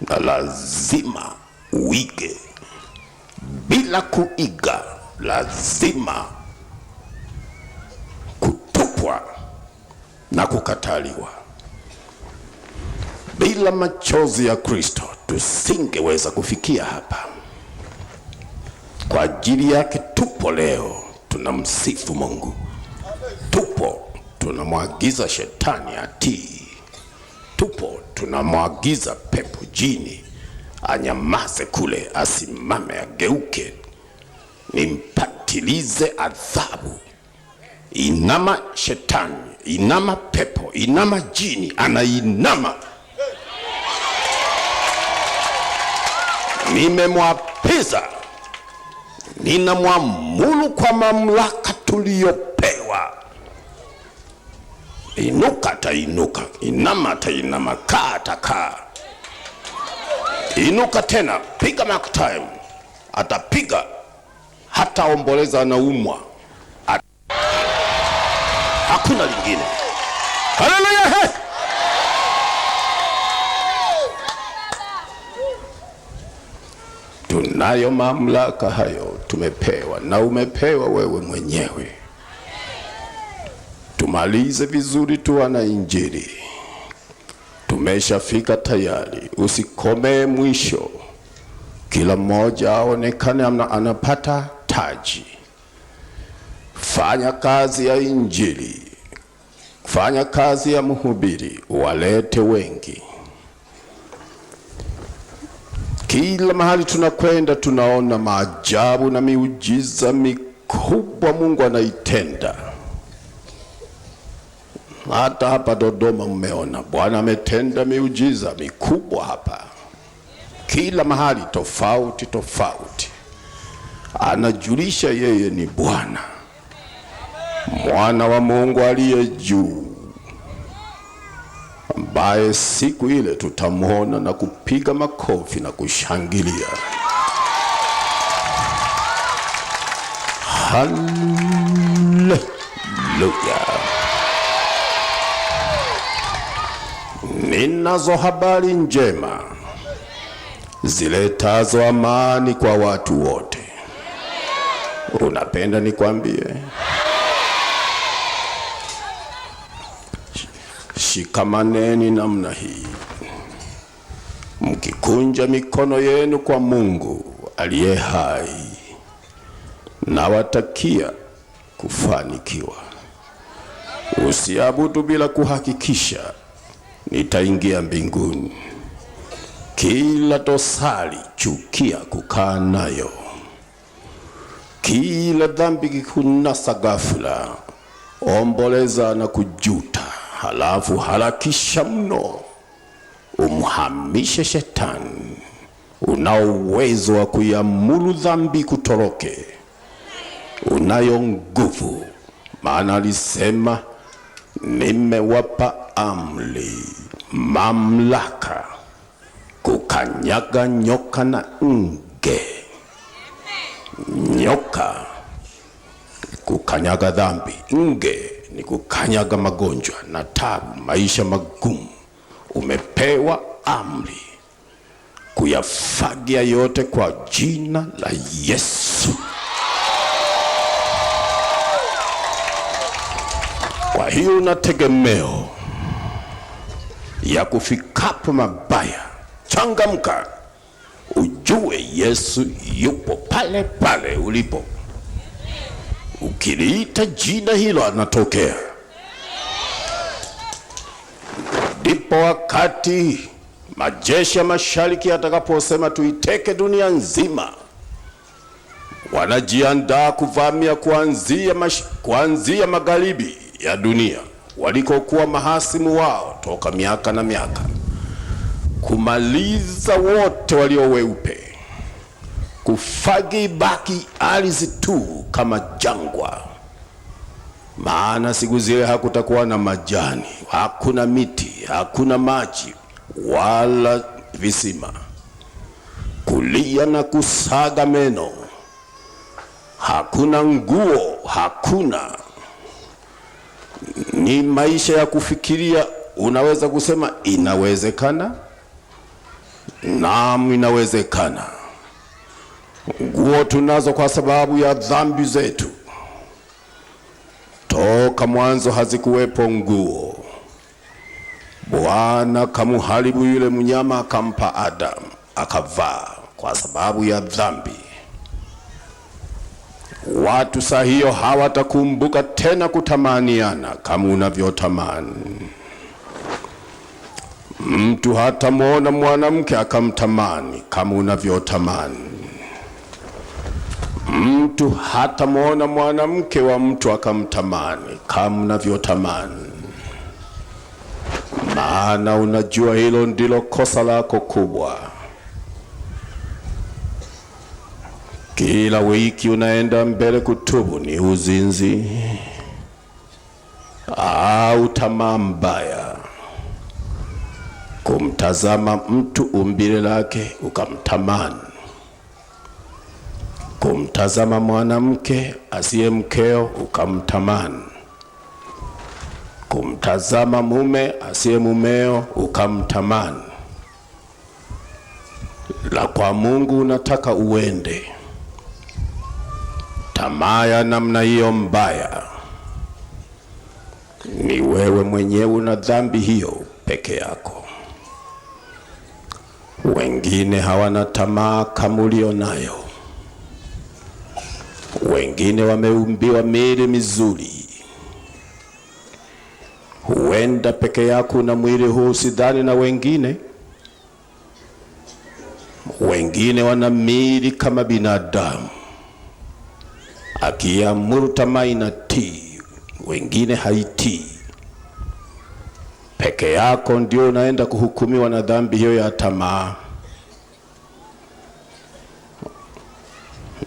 na lazima uige bila kuiga, lazima kutupwa na kukataliwa. Bila machozi ya Kristo tusingeweza kufikia hapa. Kwa ajili yake tupo leo, tunamsifu Mungu. Tupo tunamwagiza shetani atii, tupo tunamwagiza pepo mjini anyamaze kule, asimame, ageuke, nimpatilize adhabu. Inama shetani, inama pepo, inama jini, anainama. Nimemwapiza, ninamwamulu kwa mamlaka tuliyopewa Inuka atainuka, inama atainama, kaa atakaa. Inuka tena, piga mark time. Atapiga hata omboleza, anaumwa At... hakuna lingine. Haleluya! Tunayo mamlaka hayo, tumepewa na umepewa wewe mwenyewe. Tumalize vizuri, tuwana Injili. Tumeshafika tayari, usikomee mwisho. Kila mmoja aonekane anapata taji. Fanya kazi ya Injili, fanya kazi ya mhubiri, walete wengi. Kila mahali tunakwenda tunaona maajabu na miujiza mikubwa Mungu anaitenda. Hata hapa Dodoma mmeona Bwana ametenda miujiza mikubwa hapa, kila mahali tofauti tofauti. Anajulisha yeye ni Bwana, mwana wa Mungu aliye juu, ambaye siku ile tutamwona na kupiga makofi na kushangilia. Haleluya! ninazo habari njema ziletazo amani kwa watu wote. Unapenda nikwambie? Shikamaneni namna hii, mkikunja mikono yenu kwa Mungu aliye hai. Nawatakia kufanikiwa. Usiabudu bila kuhakikisha nitaingia mbinguni. Kila dosari chukia kukaa nayo, kila dhambi kikunasa ghafla, omboleza na kujuta, halafu harakisha mno umhamishe shetani. Unao uwezo wa kuiamuru dhambi kutoroke, unayo nguvu, maana alisema nimewapa amri, mamlaka kukanyaga nyoka na nge. Nyoka kukanyaga dhambi, nge ni kukanyaga magonjwa na tabu, maisha magumu. Umepewa amri kuyafagia yote kwa jina la Yesu. hiyo na tegemeo ya kufikapo mabaya. Changamka, ujue Yesu yupo pale pale ulipo. Ukiliita jina hilo anatokea. Ndipo wakati majeshi ya mashariki yatakaposema tuiteke dunia nzima, wanajiandaa kuvamia kuanzia magharibi ya dunia walikokuwa mahasimu wao toka miaka na miaka, kumaliza wote walio weupe, kufagi baki ardhi tu kama jangwa, maana siku zile hakutakuwa na majani, hakuna miti, hakuna maji wala visima, kulia na kusaga meno, hakuna nguo, hakuna ni maisha ya kufikiria. Unaweza kusema inawezekana, naam, inawezekana. Nguo tunazo kwa sababu ya dhambi zetu, toka mwanzo hazikuwepo nguo. Bwana kamuharibu yule mnyama akampa Adamu akavaa, kwa sababu ya dhambi Watu saa hiyo hawatakumbuka tena kutamaniana kama unavyotamani. Mtu hatamwona mwanamke akamtamani kama unavyotamani. Mtu hatamwona mwanamke wa mtu akamtamani kama unavyotamani. Maana unajua hilo ndilo kosa lako kubwa. Kila wiki unaenda mbele kutubu ni uzinzi au tamaa mbaya, kumtazama mtu umbile lake ukamtamani, kumtazama mwanamke asiye mkeo ukamtamani, kumtazama mume asiye mumeo ukamtamani. La kwa Mungu unataka uende Tamaa ya namna hiyo mbaya, ni wewe mwenyewe una dhambi hiyo peke yako. Wengine hawana tamaa kama ulio nayo. Wengine wameumbiwa miili mizuri. Huenda peke yako na mwili huu, sidhani na wengine. Wengine wana miili kama binadamu akiamuru tamaa inatii, wengine haitii. Peke yako ndio unaenda kuhukumiwa na dhambi hiyo ya tamaa.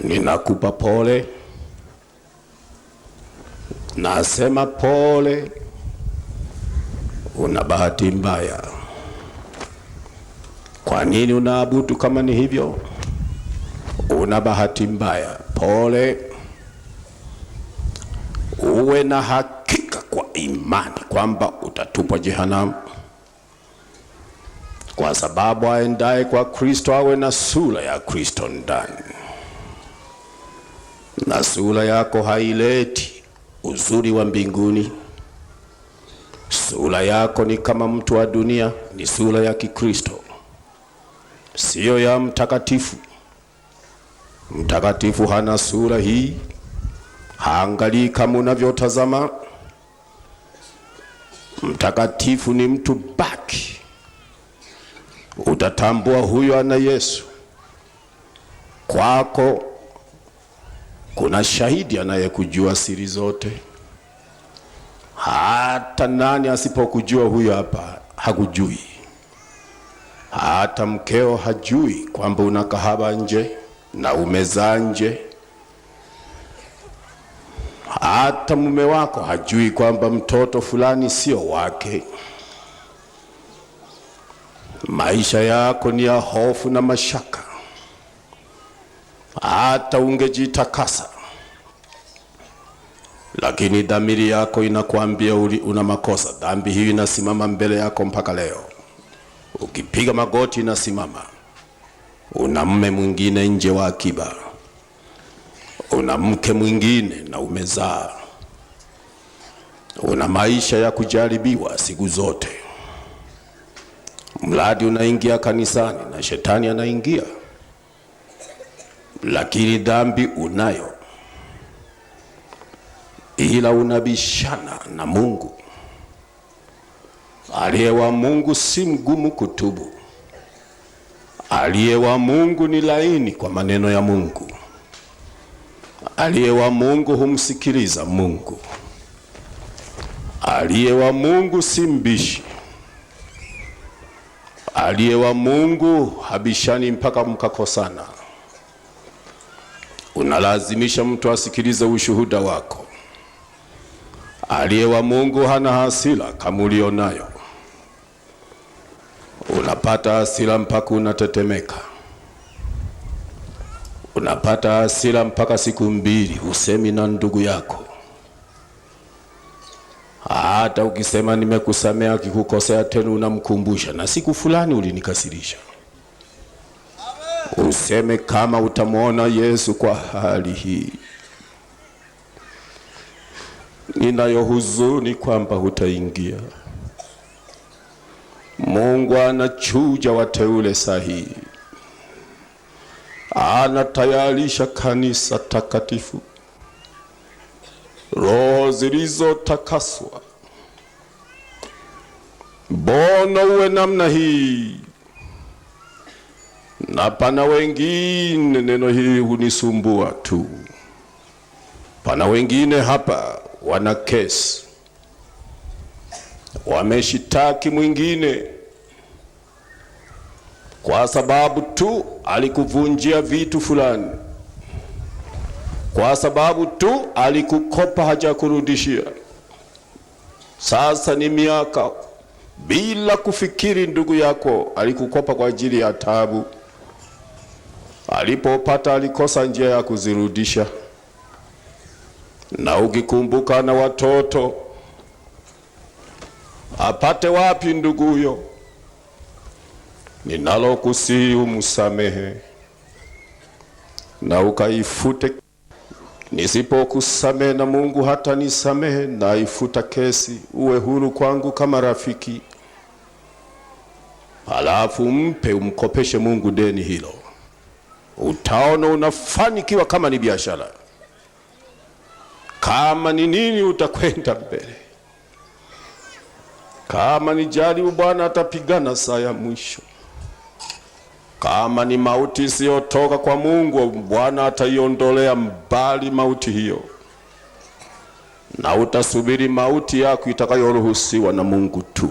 Ninakupa pole, nasema pole. Una bahati mbaya. Kwa nini unaabudu kama ni hivyo? Una bahati mbaya. Pole uwe na hakika kwa imani kwamba utatupwa jehanamu, kwa sababu aendaye kwa Kristo awe na sura ya Kristo ndani. Na sura yako haileti uzuri wa mbinguni. Sura yako ni kama mtu wa dunia, ni sura ya Kikristo, siyo ya mtakatifu. Mtakatifu hana sura hii Haangalii kama unavyotazama. Mtakatifu ni mtu baki, utatambua huyo ana Yesu. Kwako kuna shahidi anayekujua siri zote. Hata nani asipokujua huyo hapa hakujui, hata mkeo hajui kwamba una kahaba nje na umezaa nje hata mume wako hajui kwamba mtoto fulani sio wake. Maisha yako ni ya hofu na mashaka. Hata ungejitakasa, lakini dhamiri yako inakuambia una makosa. Dhambi hiyo inasimama mbele yako mpaka leo, ukipiga magoti inasimama. Una mume mwingine nje wa akiba una mke mwingine na umezaa, una maisha ya kujaribiwa siku zote. Mradi unaingia kanisani na shetani anaingia, lakini dhambi unayo, ila unabishana na Mungu. Aliye wa Mungu si mgumu kutubu, aliye wa Mungu ni laini kwa maneno ya Mungu. Aliye wa Mungu humsikiliza Mungu. Aliye wa Mungu si mbishi. Aliye wa Mungu habishani mpaka mkakosana. Unalazimisha mtu asikilize ushuhuda wako. Aliye wa Mungu hana hasira kama ulionayo. Unapata hasira mpaka unatetemeka unapata hasira mpaka siku mbili, usemi na ndugu yako. Hata ukisema nimekusamea, akikukosea tena unamkumbusha, na siku fulani ulinikasirisha. Useme kama utamwona Yesu kwa hali hii, ninayo huzuni kwamba hutaingia. Mungu anachuja wateule sahihi anatayarisha kanisa takatifu, roho zilizotakaswa. Mbona uwe namna hii? Na pana wengine neno hili hunisumbua tu. Pana wengine hapa wana kesi, wameshitaki mwingine kwa sababu tu alikuvunjia vitu fulani, kwa sababu tu alikukopa hajakurudishia. Sasa ni miaka bila kufikiri, ndugu yako alikukopa kwa ajili ya tabu, alipopata alikosa njia ya kuzirudisha. Na ukikumbuka na watoto, apate wapi ndugu huyo? ninalokusihi umsamehe na ukaifute. Nisipokusamehe na Mungu hata nisamehe, naifuta kesi. Uwe huru kwangu kama rafiki, halafu mpe, umkopeshe Mungu deni hilo. Utaona unafanikiwa. Kama ni biashara, kama ni nini, utakwenda mbele. Kama ni jaribu, Bwana atapigana saa ya mwisho. Kama ni mauti isiyotoka kwa Mungu, Bwana ataiondolea mbali mauti hiyo, na utasubiri mauti yako itakayoruhusiwa na Mungu tu.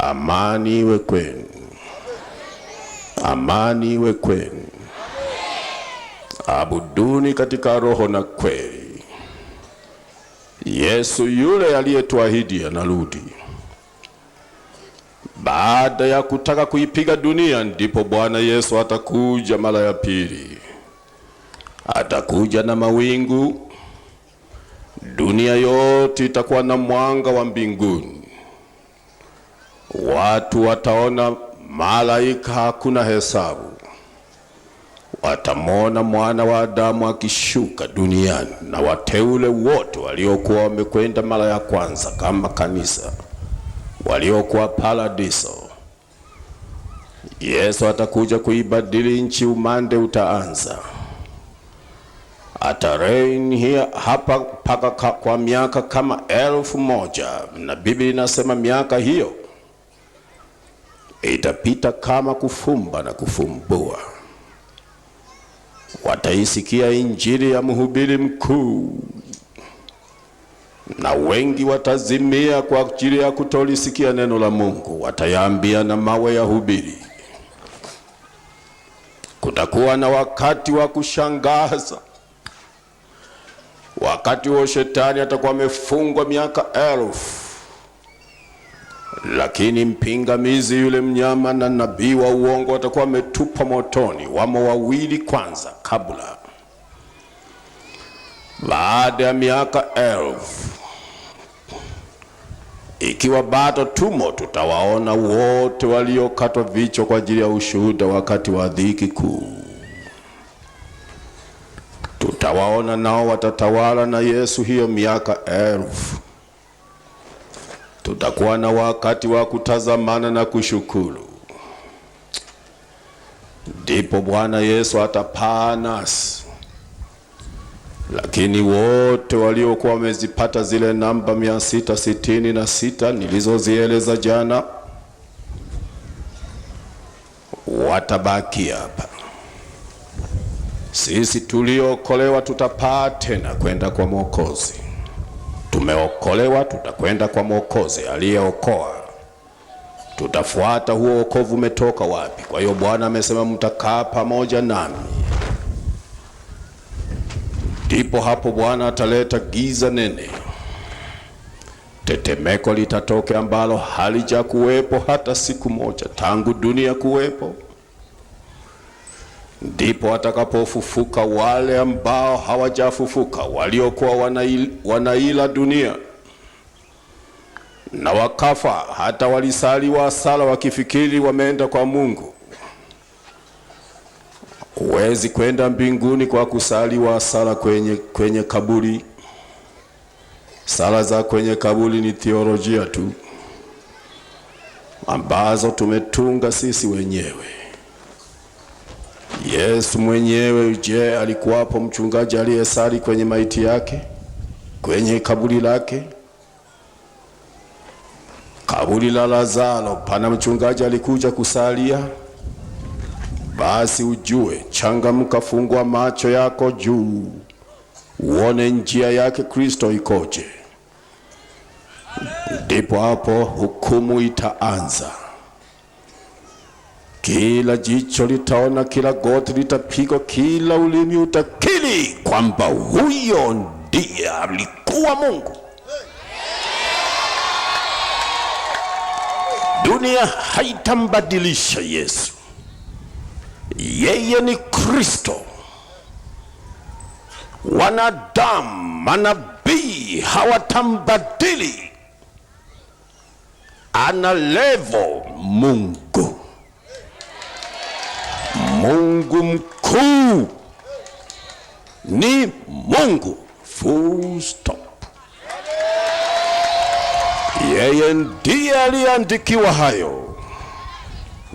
Amani iwe kwenu, amani iwe kwenu. Abuduni katika roho na kweli. Yesu yule aliyetuahidi anarudi. Baada ya kutaka kuipiga dunia, ndipo Bwana Yesu atakuja mara ya pili. Atakuja na mawingu, dunia yote itakuwa na mwanga wa mbinguni. Watu wataona malaika, hakuna hesabu. Watamwona mwana wa Adamu akishuka duniani, na wateule wote waliokuwa wamekwenda mara ya kwanza kama kanisa waliokuwa paradiso. Yesu atakuja kuibadili nchi, umande utaanza. Atarein here hapa mpaka kwa miaka kama elfu moja na Biblia inasema miaka hiyo itapita kama kufumba na kufumbua. Wataisikia injili ya mhubiri mkuu na wengi watazimia kwa ajili ya kutolisikia neno la Mungu, watayaambia na mawe ya hubiri. Kutakuwa na wakati wa kushangaza, wakati huo shetani atakuwa amefungwa miaka elfu, lakini mpingamizi yule mnyama na nabii wa uongo atakuwa ametupa motoni. Wamo wawili kwanza kabla baada ya miaka elfu ikiwa bado tumo, tutawaona wote waliokatwa vichwa kwa ajili ya ushuhuda wakati wa dhiki kuu. Tutawaona nao watatawala na Yesu hiyo miaka elfu. Tutakuwa na wakati wa kutazamana na kushukuru. Ndipo Bwana Yesu atapaa nasi lakini wote waliokuwa wamezipata zile namba na sita nilizozieleza jana watabaki hapa. Sisi tuliokolewa tutapaa tena kwenda kwa Mwokozi. Tumeokolewa, tutakwenda kwa Mwokozi aliyeokoa, tutafuata huo wokovu umetoka wapi. Kwa hiyo Bwana amesema mtakaa pamoja nami ndipo hapo Bwana ataleta giza nene, tetemeko litatoke ambalo halijakuwepo hata siku moja tangu dunia kuwepo. Ndipo atakapofufuka wale ambao hawajafufuka, waliokuwa wanaila, wanaila dunia na wakafa, hata walisali wasala wakifikiri wameenda kwa Mungu Huwezi kwenda mbinguni kwa kusaliwa sala kwenye, kwenye kaburi. Sala za kwenye kaburi ni theolojia tu ambazo tumetunga sisi wenyewe. Yesu mwenyewe, je, alikuwapo mchungaji aliyesali kwenye maiti yake, kwenye kaburi lake? Kaburi la Lazaro, pana mchungaji alikuja kusalia? Basi ujue, changamka, fungua macho yako juu, uone njia yake Kristo ikoje. Ndipo hapo hukumu itaanza. Kila jicho litaona, kila goti litapigwa, kila ulimi utakiri kwamba huyo ndiye alikuwa Mungu. Dunia haitambadilisha Yesu. Yeye ni Kristo. Wanadamu, manabii hawatambadili. Ana levo Mungu, Mungu mkuu ni Mungu, full stop. Yeye ndiye aliandikiwa hayo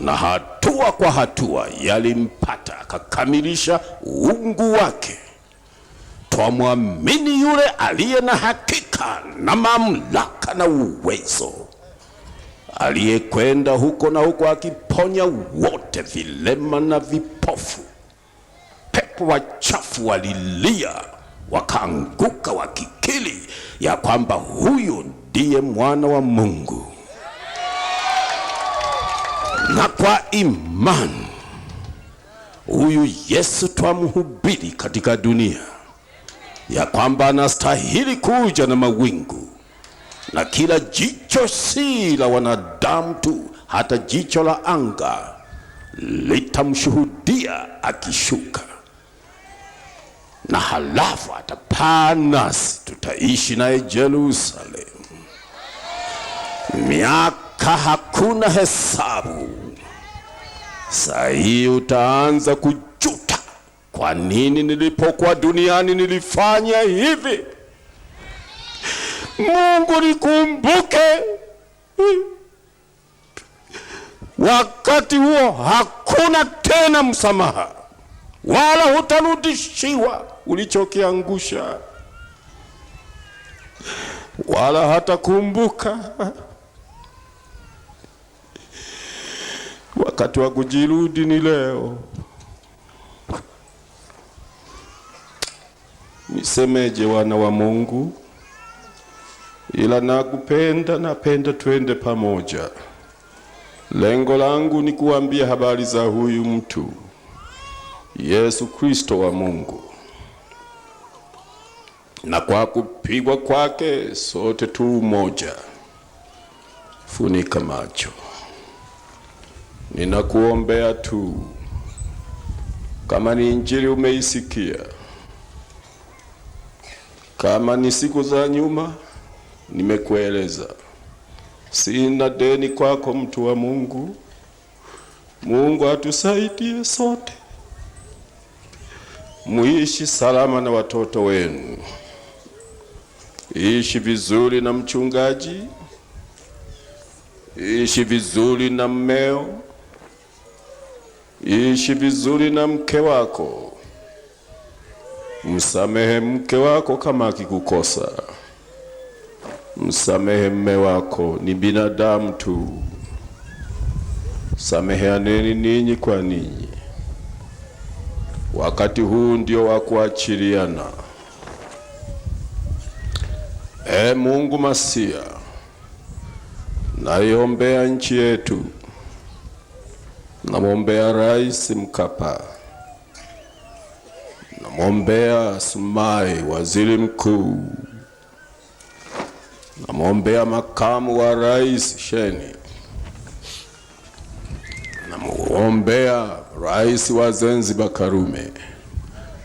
na hatua kwa hatua yalimpata, akakamilisha uungu wake. Twamwamini yule aliye na hakika na mamlaka na uwezo, aliyekwenda huko na huko akiponya wote, vilema na vipofu. Pepo wachafu walilia wakaanguka, wakikili ya kwamba huyu ndiye mwana wa Mungu na kwa imani huyu Yesu twamhubiri katika dunia ya kwamba anastahili kuja na mawingu, na kila jicho si la wanadamu tu, hata jicho la anga litamshuhudia akishuka, na halafu atapaa nasi tutaishi naye jerusalemu miaka mpaka hakuna hesabu. Saa hii utaanza kujuta, kwa nini nilipokuwa duniani nilifanya hivi? Mungu nikumbuke. Wakati huo hakuna tena msamaha, wala hutarudishiwa ulichokiangusha, wala hatakumbuka. wakati wa kujirudi ni leo. Nisemeje wana wa Mungu? Ila nakupenda, napenda twende pamoja. Lengo langu ni kuambia habari za huyu mtu Yesu Kristo wa Mungu, na kwa kupigwa kwake sote tu umoja. Funika macho. Ninakuombea tu, kama ni injili umeisikia, kama ni siku za nyuma, nimekueleza sina deni kwako, mtu wa Mungu. Mungu atusaidie sote, muishi salama na watoto wenu, ishi vizuri na mchungaji, ishi vizuri na mmeo Ishi vizuri na mke wako, msamehe mke wako kama akikukosa, msamehe mme wako, ni binadamu tu. Sameheaneni ninyi kwa ninyi. Wakati huu ndio wa kuachiliana. E Mungu Masia, naiombea nchi yetu Namwombea Rais Mkapa, namwombea sumai waziri mkuu, namwombea makamu wa rais Sheni, namwombea rais wa Zanzibar Karume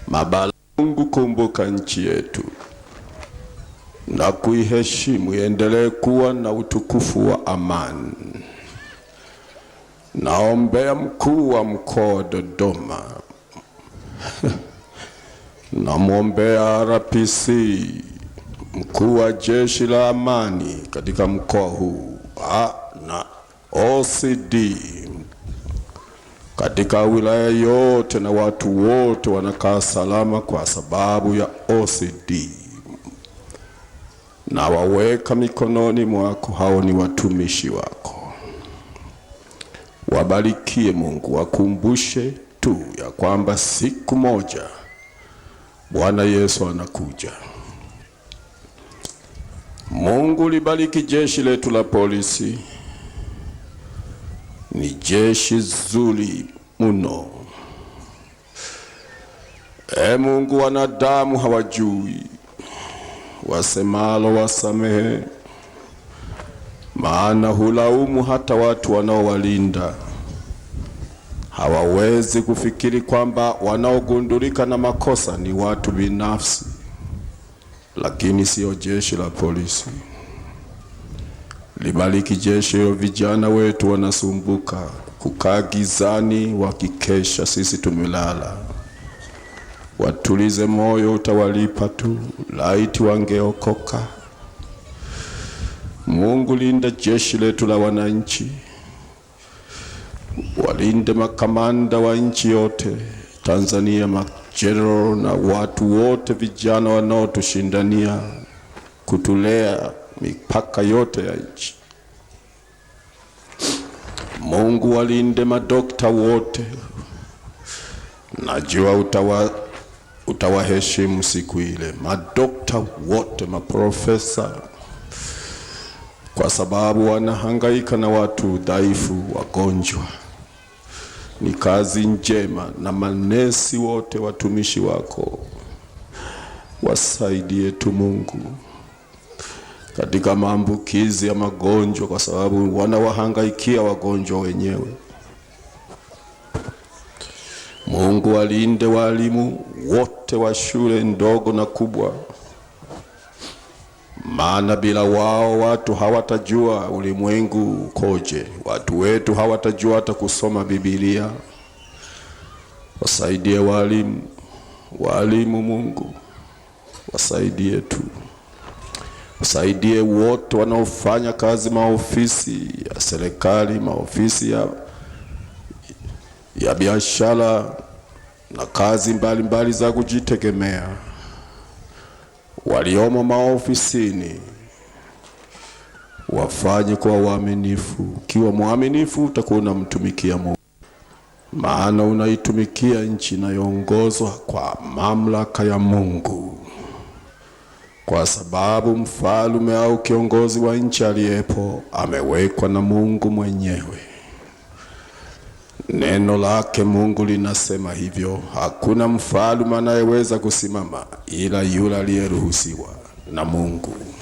mabalungu kumbuka nchi yetu na kuiheshimu, iendelee kuwa na utukufu wa amani naombea mkuu wa mkoa Dodoma namwombea RPC mkuu wa jeshi la amani katika mkoa huu na OCD katika wilaya yote na watu wote wanakaa salama kwa sababu ya OCD. Nawaweka mikononi mwako, hao ni watumishi wako. Wabarikie Mungu, wakumbushe tu ya kwamba siku moja Bwana Yesu anakuja. Mungu libariki jeshi letu la polisi, ni jeshi zuri mno. E Mungu, wanadamu hawajui, wasemalo wasamehe maana hulaumu hata watu wanaowalinda. Hawawezi kufikiri kwamba wanaogundulika na makosa ni watu binafsi, lakini siyo jeshi la polisi. Libariki jeshi hilo. Vijana wetu wanasumbuka kukaa gizani wakikesha, sisi tumelala. Watulize moyo, utawalipa tu. Laiti wangeokoka. Mungu linda jeshi letu la wananchi, walinde makamanda wa nchi yote Tanzania, majenerali na watu wote vijana wanaotushindania kutulea mipaka yote ya nchi. Mungu walinde madokta wote, najua utawa utawaheshimu siku ile, madokta wote, maprofesa kwa sababu wanahangaika na watu dhaifu, wagonjwa. Ni kazi njema, na manesi wote watumishi wako wasaidie tu Mungu katika maambukizi ya magonjwa, kwa sababu wanawahangaikia wagonjwa wenyewe. Mungu walinde walimu wote wa shule ndogo na kubwa maana bila wao watu hawatajua ulimwengu ukoje. Watu wetu hawatajua hata kusoma Biblia. Wasaidie walimu, walimu Mungu wasaidie tu, wasaidie wote wanaofanya kazi maofisi ya serikali, maofisi ya, ya biashara na kazi mbalimbali mbali za kujitegemea waliomo maofisini wafanye kwa uaminifu. Ukiwa mwaminifu, utakuwa unamtumikia Mungu, maana unaitumikia nchi inayoongozwa kwa mamlaka ya Mungu, kwa sababu mfalume au kiongozi wa nchi aliyepo amewekwa na Mungu mwenyewe. Neno lake Mungu linasema hivyo, hakuna mfalme anayeweza kusimama ila yule aliyeruhusiwa na Mungu.